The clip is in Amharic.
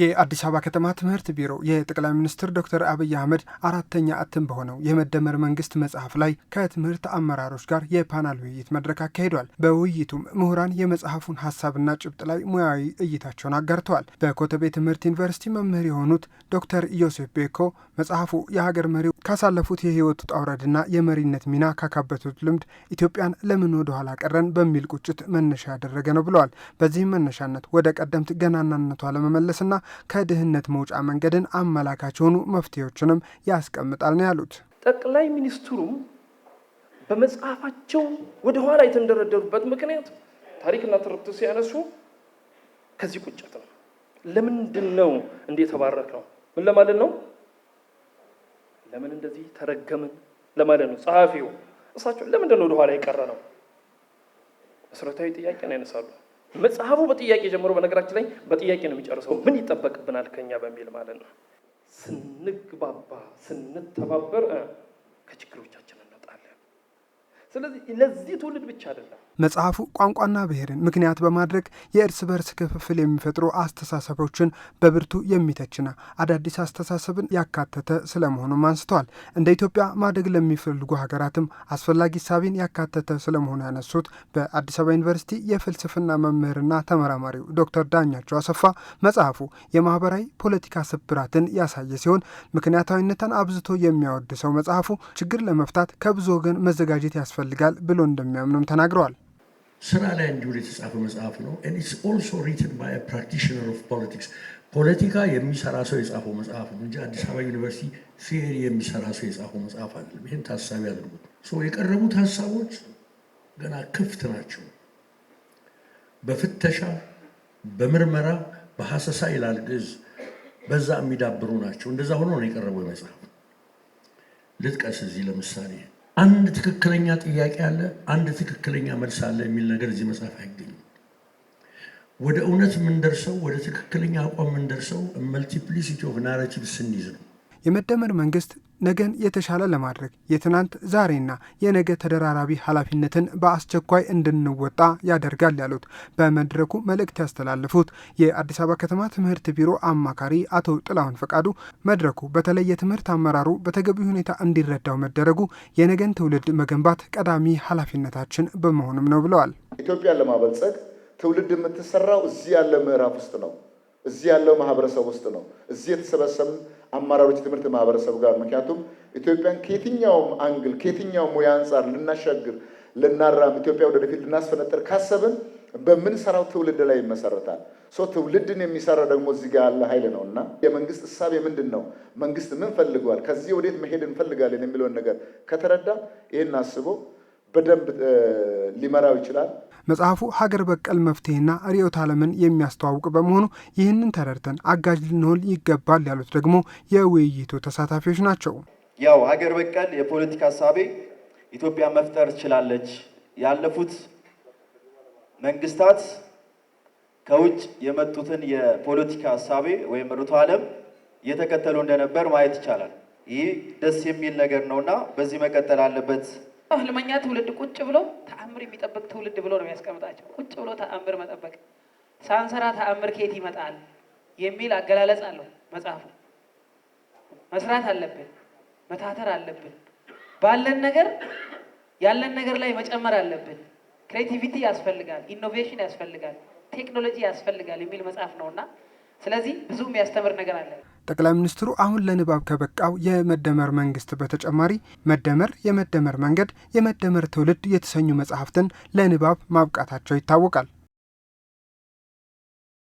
የአዲስ አበባ ከተማ ትምህርት ቢሮ የጠቅላይ ሚኒስትር ዶክተር አብይ አህመድ አራተኛ እትም በሆነው የመደመር መንግስት መጽሐፍ ላይ ከትምህርት አመራሮች ጋር የፓናል ውይይት መድረክ አካሂዷል። በውይይቱም ምሁራን የመጽሐፉን ሀሳብና ጭብጥ ላይ ሙያዊ እይታቸውን አጋርተዋል። በኮተቤ ትምህርት ዩኒቨርሲቲ መምህር የሆኑት ዶክተር ዮሴፍ ቤኮ መጽሐፉ የሀገር መሪው ካሳለፉት የህይወት ውጣ ውረድና የመሪነት ሚና ካካበቱት ልምድ ኢትዮጵያን ለምን ወደ ኋላ ቀረን በሚል ቁጭት መነሻ ያደረገ ነው ብለዋል። በዚህም መነሻነት ወደ ቀደምት ገናናነቷ ለመመለስና ከድህነት መውጫ መንገድን አመላካች የሆኑ መፍትሄዎችንም ያስቀምጣል ነው ያሉት። ጠቅላይ ሚኒስትሩም በመጽሐፋቸው ወደኋላ የተንደረደሩበት ምክንያት ታሪክና ትርክት ሲያነሱ ከዚህ ቁጭት ነው። ለምንድን ነው እንደ የተባረክ ነው? ምን ለማለት ነው? ለምን እንደዚህ ተረገምን ለማለት ነው። ጸሐፊው እሳቸው ለምንድን ነው ወደኋላ የቀረ ነው? መሰረታዊ ጥያቄን ያነሳሉ። መጽሐፉ በጥያቄ ጀምሮ በነገራችን ላይ በጥያቄ ነው የሚጨርሰው፣ ምን ይጠበቅብናል ከኛ በሚል ማለት ነው። ስንግባባ ስንተባበር ከችግሮች ስለዚህ ለዚህ ትውልድ ብቻ አይደለም። መጽሐፉ ቋንቋና ብሔርን ምክንያት በማድረግ የእርስ በርስ ክፍፍል የሚፈጥሩ አስተሳሰቦችን በብርቱ የሚተችና አዳዲስ አስተሳሰብን ያካተተ ስለመሆኑም አንስተዋል። እንደ ኢትዮጵያ ማደግ ለሚፈልጉ ሀገራትም አስፈላጊ ሳቢን ያካተተ ስለመሆኑ ያነሱት በአዲስ አበባ ዩኒቨርሲቲ የፍልስፍና መምህርና ተመራማሪው ዶክተር ዳኛቸው አሰፋ መጽሐፉ የማህበራዊ ፖለቲካ ስብራትን ያሳየ ሲሆን ምክንያታዊነትን አብዝቶ የሚያወድሰው መጽሐፉ ችግር ለመፍታት ከብዙ ወገን መዘጋጀት ያስፈል ያስፈልጋል ብሎ እንደሚያምኑም ተናግረዋል። ስራ ላይ እንዲውል የተጻፈ መጽሐፍ ነው። ፖለቲካ የሚሰራ ሰው የጻፈው መጽሐፍ ነው እንጂ አዲስ አበባ ዩኒቨርሲቲ ፌሪ የሚሰራ ሰው የጻፈው መጽሐፍ አይደለም። ይህን ታሳቢ አድርጉት። የቀረቡት ሀሳቦች ገና ክፍት ናቸው። በፍተሻ በምርመራ በሀሰሳ ይላል ግዕዝ፣ በዛ የሚዳብሩ ናቸው። እንደዛ ሆኖ ነው የቀረበው መጽሐፍ። ልጥቀስ እዚህ ለምሳሌ አንድ ትክክለኛ ጥያቄ አለ፣ አንድ ትክክለኛ መልስ አለ የሚል ነገር እዚህ መጽሐፍ አይገኝም። ወደ እውነት የምንደርሰው ወደ ትክክለኛ አቋም የምንደርሰው መልቲፕሊሲቲ ኦፍ ናራቲቭ ስንይዝ ነው። የመደመር መንግስት ነገን የተሻለ ለማድረግ የትናንት ዛሬና የነገ ተደራራቢ ኃላፊነትን በአስቸኳይ እንድንወጣ ያደርጋል ያሉት በመድረኩ መልእክት ያስተላለፉት የአዲስ አበባ ከተማ ትምህርት ቢሮ አማካሪ አቶ ጥላሁን ፈቃዱ መድረኩ በተለይ የትምህርት አመራሩ በተገቢ ሁኔታ እንዲረዳው መደረጉ የነገን ትውልድ መገንባት ቀዳሚ ኃላፊነታችን በመሆኑም ነው ብለዋል። ኢትዮጵያን ለማበልጸግ ትውልድ የምትሰራው እዚህ ያለ ምዕራፍ ውስጥ ነው። እዚህ ያለው ማህበረሰብ ውስጥ ነው። እዚህ የተሰበሰብ አመራሮች ትምህርት ማህበረሰብ ጋር ምክንያቱም ኢትዮጵያን ከየትኛውም አንግል ከየትኛውም ሙያ አንጻር ልናሻግር ልናራም ኢትዮጵያ ወደፊት ልናስፈነጥር ካሰብን በምንሰራው ትውልድ ላይ ይመሰረታል። ሶ ትውልድን የሚሰራ ደግሞ እዚህ ጋር ያለ ኃይል ነው እና የመንግስት እሳቤ ምንድን ነው፣ መንግስት ምን ፈልገዋል፣ ከዚህ ወዴት መሄድ እንፈልጋለን የሚለውን ነገር ከተረዳ ይህን አስቦ በደንብ ሊመራው ይችላል። መጽሐፉ ሀገር በቀል መፍትሄና ርዕዮተ ዓለምን የሚያስተዋውቅ በመሆኑ ይህንን ተረድተን አጋዥ ልንሆን ይገባል ያሉት ደግሞ የውይይቱ ተሳታፊዎች ናቸው። ያው ሀገር በቀል የፖለቲካ ሀሳቤ ኢትዮጵያ መፍጠር ትችላለች። ያለፉት መንግስታት ከውጭ የመጡትን የፖለቲካ ሀሳቤ ወይም ርዕዮተ ዓለም እየተከተሉ እንደነበር ማየት ይቻላል። ይህ ደስ የሚል ነገር ነውና በዚህ መቀጠል አለበት ህልመኛ ትውልድ ቁጭ ብሎ ተአምር የሚጠብቅ ትውልድ ብሎ ነው የሚያስቀምጣቸው። ቁጭ ብሎ ተአምር መጠበቅ ሳንሰራ ተአምር ከየት ይመጣል የሚል አገላለጽ አለው መጽሐፉ። መስራት አለብን፣ መታተር አለብን፣ ባለን ነገር ያለን ነገር ላይ መጨመር አለብን። ክሬቲቪቲ ያስፈልጋል፣ ኢኖቬሽን ያስፈልጋል፣ ቴክኖሎጂ ያስፈልጋል የሚል መጽሐፍ ነው እና ስለዚህ ብዙ የሚያስተምር ነገር አለ። ጠቅላይ ሚኒስትሩ አሁን ለንባብ ከበቃው የመደመር መንግስት በተጨማሪ መደመር፣ የመደመር መንገድ፣ የመደመር ትውልድ የተሰኙ መጽሐፍትን ለንባብ ማብቃታቸው ይታወቃል።